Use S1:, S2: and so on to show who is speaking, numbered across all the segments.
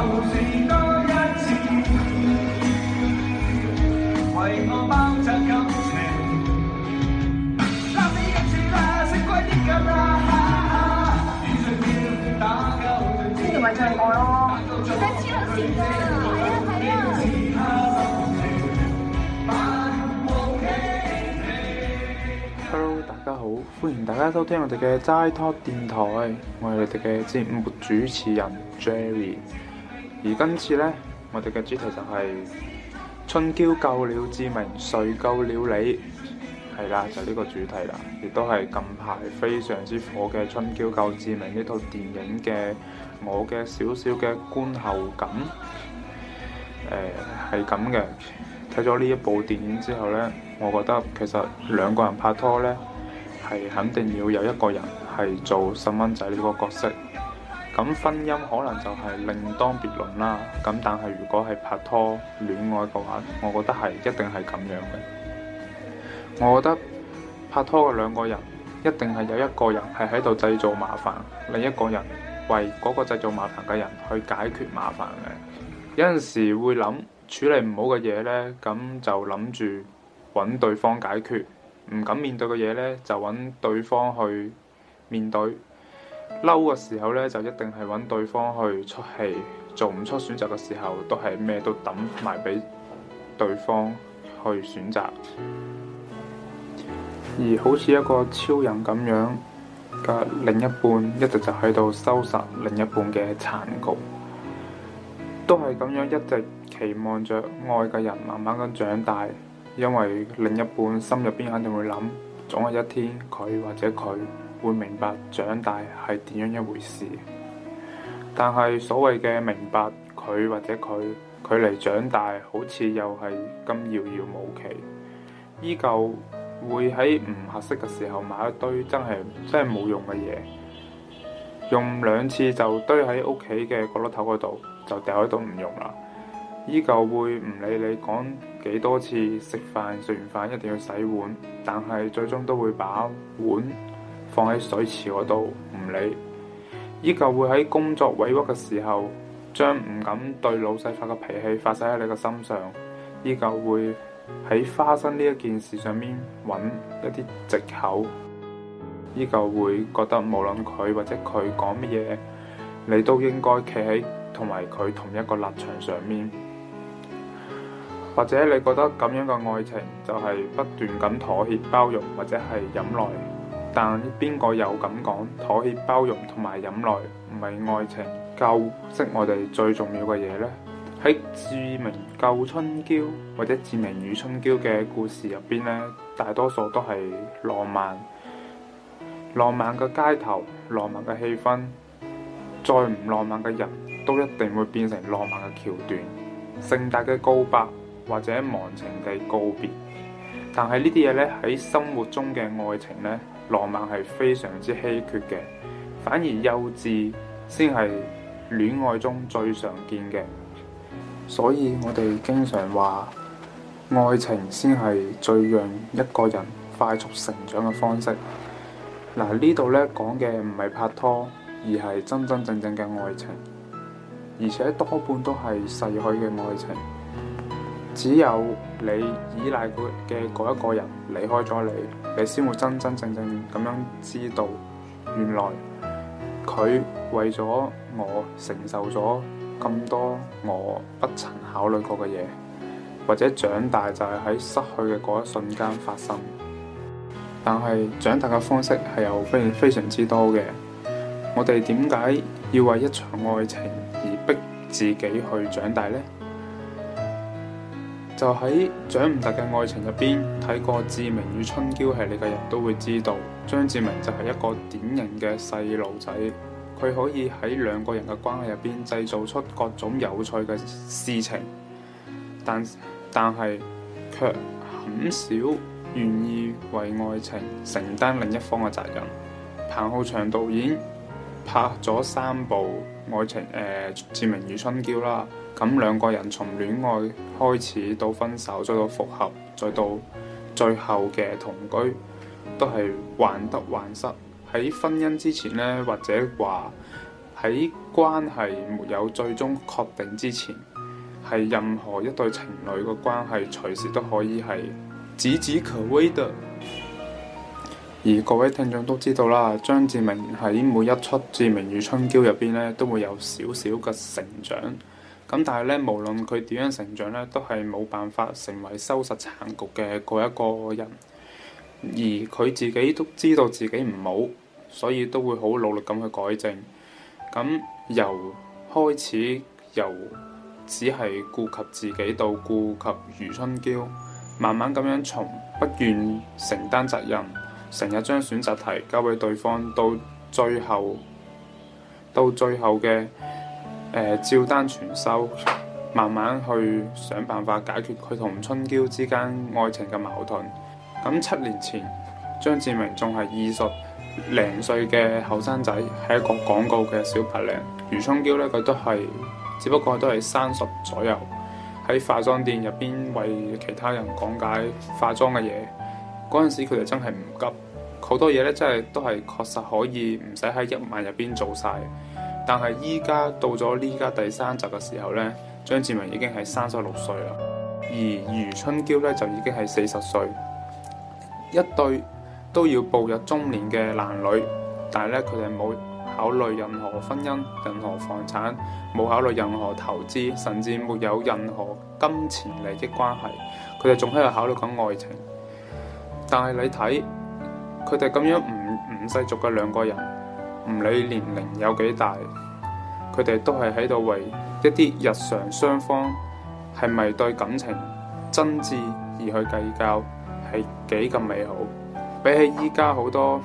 S1: 呢度咪真係愛咯，真係知道 Hello，大家好，歡迎大家收聽我哋嘅齋 talk 電台，我係你哋嘅節目主持人 Jerry。而今次呢，我哋嘅主題就係《春嬌救了志明》，誰救了你？係啦，就呢個主題啦，亦都係近排非常之火嘅《春嬌救志明》呢套電影嘅我嘅小小嘅觀後感。誒，係咁嘅。睇咗呢一部電影之後呢，我覺得其實兩個人拍拖呢，係肯定要有一個人係做細蚊仔呢個角色。咁婚姻可能就係另當別論啦。咁但係如果係拍拖戀愛嘅話，我覺得係一定係咁樣嘅。我覺得拍拖嘅兩個人，一定係有一個人係喺度製造麻煩，另一個人為嗰個製造麻煩嘅人去解決麻煩嘅。有陣時會諗處理唔好嘅嘢呢，咁就諗住揾對方解決。唔敢面對嘅嘢呢，就揾對方去面對。嬲嘅時候呢，就一定係揾對方去出氣；做唔出選擇嘅時候，都係咩都抌埋俾對方去選擇。而好似一個超人咁樣嘅另一半，一直就喺度收拾另一半嘅殘局，都係咁樣一直期望着愛嘅人慢慢咁長大，因為另一半心入邊肯定會諗，總有一天佢或者佢，會明白長大係點樣一回事，但係所謂嘅明白佢或者佢，佢距離長大好似又係咁遙遙無期，依舊會喺唔合適嘅時候買一堆真係真係冇用嘅嘢，用兩次就堆喺屋企嘅角落頭嗰度就掉喺度唔用啦，依舊會唔理你講幾多次食飯，食完飯一定要洗碗，但係最終都會把碗。放喺水池嗰度唔理，依舊會喺工作委屈嘅時候，將唔敢對老細發嘅脾氣發晒喺你嘅心上，依舊會喺花生呢一件事上面揾一啲借口，依舊會覺得無論佢或者佢講乜嘢，你都應該企喺同埋佢同一個立場上面，或者你覺得咁樣嘅愛情就係不斷咁妥協包容或者係忍耐。但邊個有咁講妥協包容同埋忍耐唔係愛情教識我哋最重要嘅嘢呢？喺《志明救春嬌》或者《志明與春嬌》嘅故事入邊呢，大多數都係浪漫，浪漫嘅街頭，浪漫嘅氣氛，再唔浪漫嘅人都一定會變成浪漫嘅橋段，盛大嘅告白或者忘情地告別。但係呢啲嘢呢，喺生活中嘅愛情呢。浪漫係非常之稀缺嘅，反而幼稚先係戀愛中最常見嘅。所以我哋經常話，愛情先係最讓一個人快速成長嘅方式。嗱，呢度呢講嘅唔係拍拖，而係真真正正嘅愛情，而且多半都係逝去嘅愛情。只有你依賴嘅嗰一個人離開咗你，你先會真真正正咁樣知道，原來佢為咗我承受咗咁多我不曾考慮過嘅嘢，或者長大就係喺失去嘅嗰一瞬間發生。但係長大嘅方式係有非非常之多嘅，我哋點解要為一場愛情而逼自己去長大呢？就喺蔣唔達嘅愛情入邊，睇過《志明與春嬌》系列嘅人都會知道，張志明就係一個典型嘅細路仔，佢可以喺兩個人嘅關係入邊製造出各種有趣嘅事情，但但係卻很少願意為愛情承擔另一方嘅責任。彭浩翔導演拍咗三部愛情誒《志明與春嬌》啦。咁兩個人從戀愛開始到分手，再到復合，再到最後嘅同居，都係患得患失。喺婚姻之前呢，或者話喺關係沒有最終確定之前，係任何一對情侶嘅關係，隨時都可以係岌岌可危的。而各位聽眾都知道啦，張志明喺每一出《志明與春嬌》入邊呢，都會有少少嘅成長。咁但係咧，無論佢點樣成長咧，都係冇辦法成為收拾殘局嘅嗰一個人。而佢自己都知道自己唔好，所以都會好努力咁去改正。咁由開始，由只係顧及自己到顧及余春嬌，慢慢咁樣從不願承擔責任，成日將選擇題交俾對方，到最後，到最後嘅。呃、照單全收，慢慢去想辦法解決佢同春嬌之間愛情嘅矛盾。咁七年前，張志明仲係二十零歲嘅後生仔，係一個廣告嘅小白領；余春嬌呢，佢都係，只不過都係三十左右，喺化妝店入邊為其他人講解化妝嘅嘢。嗰陣時佢哋真係唔急，好多嘢呢真係都係確實可以唔使喺一晚入邊做晒。但係依家到咗呢家第三集嘅時候咧，張志明已經係三十六歲啦，而余春嬌咧就已經係四十歲，一對都要步入中年嘅男女，但係咧佢哋冇考慮任何婚姻、任何房產，冇考慮任何投資，甚至沒有任何金錢利益關係，佢哋仲喺度考慮緊愛情。但係你睇，佢哋咁樣唔唔世俗嘅兩個人。唔理年齡有幾大，佢哋都係喺度為一啲日常雙方係咪對感情真摯而去計較，係幾咁美好。比起依家好多、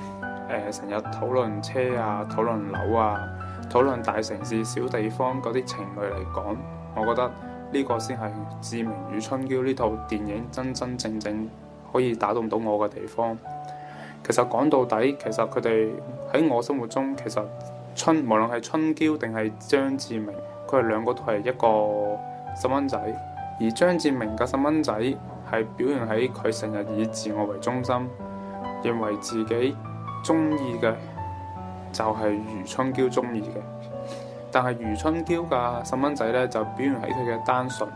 S1: 呃、成日討論車啊、討論樓啊、討論大城市小地方嗰啲情侶嚟講，我覺得呢個先係《志明與春嬌》呢套電影真真正正可以打動到我嘅地方。其實講到底，其實佢哋。喺我心目中，其實春無論係春嬌定係張志明，佢係兩個都係一個細蚊仔。而張志明嘅細蚊仔係表現喺佢成日以自我為中心，認為自己中意嘅就係、是、如春嬌中意嘅。但係如春嬌嘅細蚊仔呢，就表現喺佢嘅單純，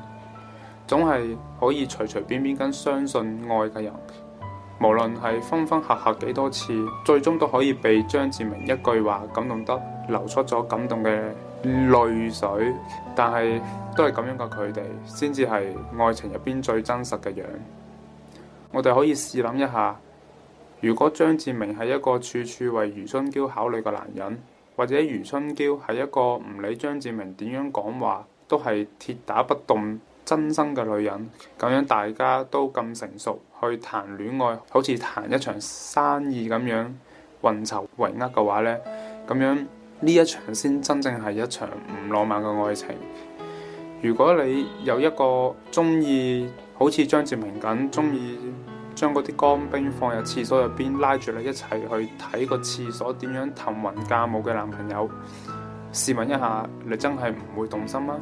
S1: 總係可以隨隨便便跟相信愛嘅人。無論係分分合合幾多次，最終都可以被張志明一句話感動得流出咗感動嘅淚水。但係都係咁樣嘅佢哋，先至係愛情入面最真實嘅樣。我哋可以試諗一下，如果張志明係一個處處為余春嬌考慮嘅男人，或者余春嬌係一個唔理張志明點樣講話都係鐵打不動。新生嘅女人，咁樣大家都咁成熟去談戀愛，好似談一場生意咁樣運籌帷幄嘅話呢，咁樣呢一場先真正係一場唔浪漫嘅愛情。如果你有一個中意，好似張志明咁中意將嗰啲乾冰放入廁所入邊，拉住你一齊去睇個廁所點樣騰雲駕霧嘅男朋友，試問一下，你真係唔會動心嗎？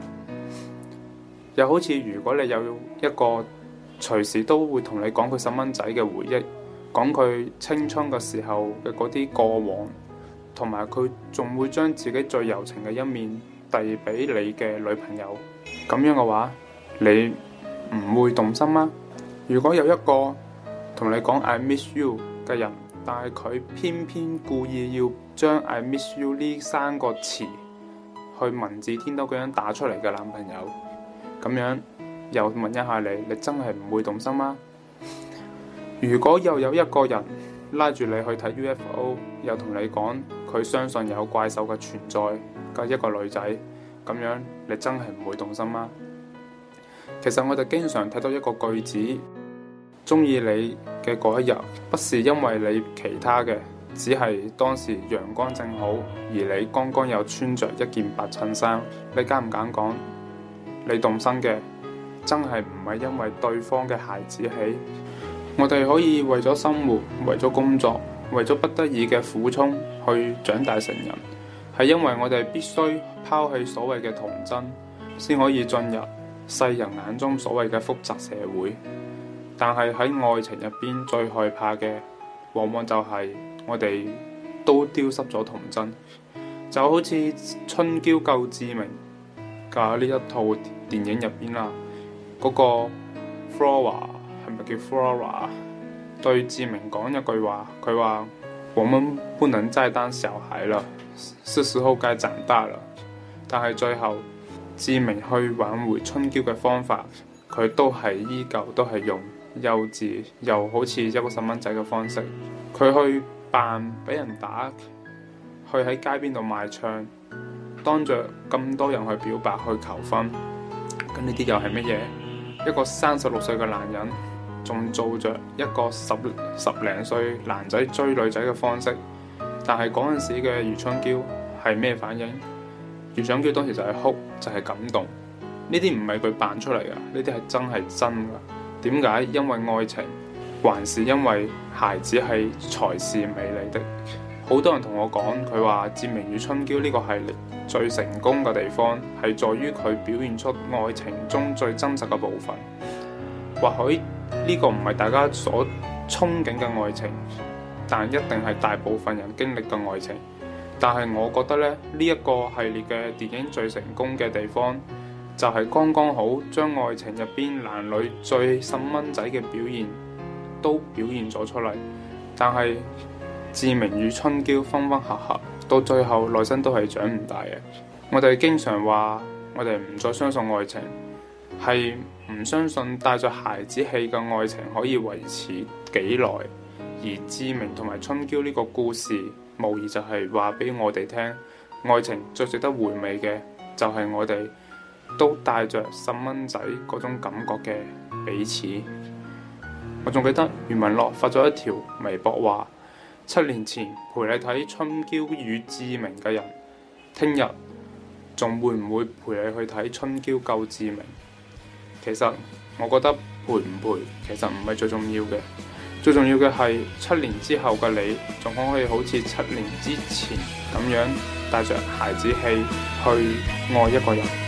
S1: 又好似如果你有一個隨時都會同你講佢細蚊仔嘅回憶，講佢青春嘅時候嘅嗰啲過往，同埋佢仲會將自己最柔情嘅一面遞俾你嘅女朋友咁樣嘅話，你唔會動心嗎？如果有一個同你講 I miss you 嘅人，但係佢偏偏故意要將 I miss you 呢三個詞去文字天都咁樣打出嚟嘅男朋友。咁樣又問一下你，你真係唔會動心嗎？如果又有一個人拉住你去睇 UFO，又同你講佢相信有怪獸嘅存在嘅一個女仔，咁樣你真係唔會動心嗎？其實我哋經常睇到一個句子：中意你嘅嗰一日，不是因為你其他嘅，只係當時陽光正好，而你剛剛又穿着一件白襯衫，你敢唔敢講？你動心嘅真係唔係因為對方嘅孩子氣。我哋可以為咗生活、為咗工作、為咗不得已嘅苦衷去長大成人，係因為我哋必須拋棄所謂嘅童真，先可以進入世人眼中所謂嘅複雜社會。但係喺愛情入邊最害怕嘅，往往就係我哋都丟失咗童真，就好似春嬌救志明嘅呢一套。電影入邊啦，嗰個 Flora 係咪叫 Flora？對志明講一句話，佢話：我們不能再當小孩了，是時候該長大了。但係最後，志明去挽回春嬌嘅方法，佢都係依舊都係用幼稚又好似一個細蚊仔嘅方式，佢去扮俾人打，去喺街邊度賣唱，當着咁多人去表白去求婚。呢啲又係乜嘢？一個三十六歲嘅男人，仲做着一個十十零歲男仔追女仔嘅方式，但係嗰陣時嘅余春嬌係咩反應？余春嬌當時就係哭，就係、是、感動。呢啲唔係佢扮出嚟噶，呢啲係真係真噶。點解？因為愛情，還是因為孩子係才是美麗的？好多人同我講，佢話《志明與春嬌》呢個系列最成功嘅地方係在於佢表現出愛情中最真實嘅部分。或許呢、這個唔係大家所憧憬嘅愛情，但一定係大部分人經歷嘅愛情。但係我覺得呢，呢、這、一個系列嘅電影最成功嘅地方就係、是、剛剛好將愛情入邊男女最細蚊仔嘅表現都表現咗出嚟。但係。志明與春嬌分分合合，到最後內心都係長唔大嘅。我哋經常話，我哋唔再相信愛情，係唔相信帶着孩子氣嘅愛情可以維持幾耐。而志明同埋春嬌呢個故事，無疑就係話俾我哋聽，愛情最值得回味嘅就係我哋都帶着細蚊仔嗰種感覺嘅彼此。我仲記得余文樂發咗一條微博話。七年前陪你睇春嬌與志明嘅人，聽日仲會唔會陪你去睇春嬌救志明？其實我覺得陪唔陪，其實唔係最重要嘅，最重要嘅係七年之後嘅你，仲可唔可以好似七年之前咁樣，帶着孩子氣去愛一個人？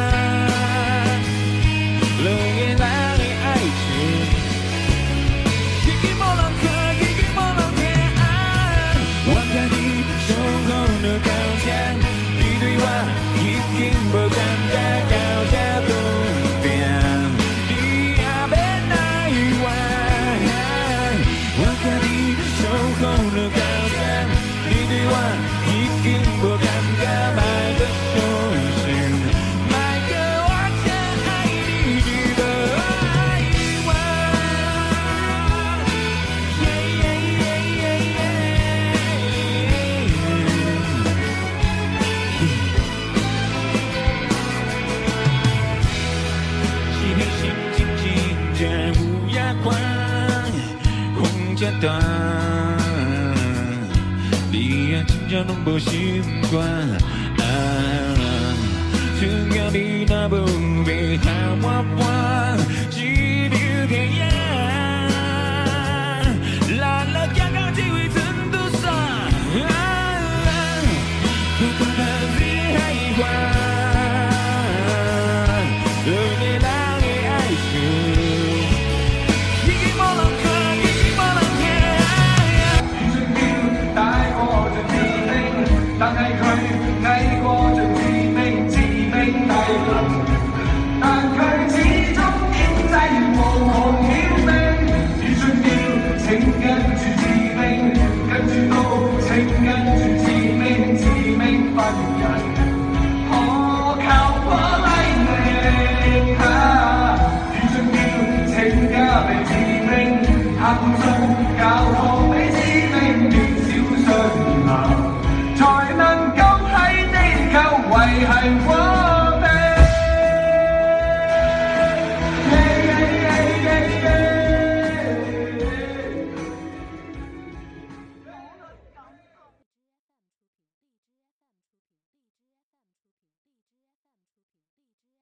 S1: 你呀，真係不習慣。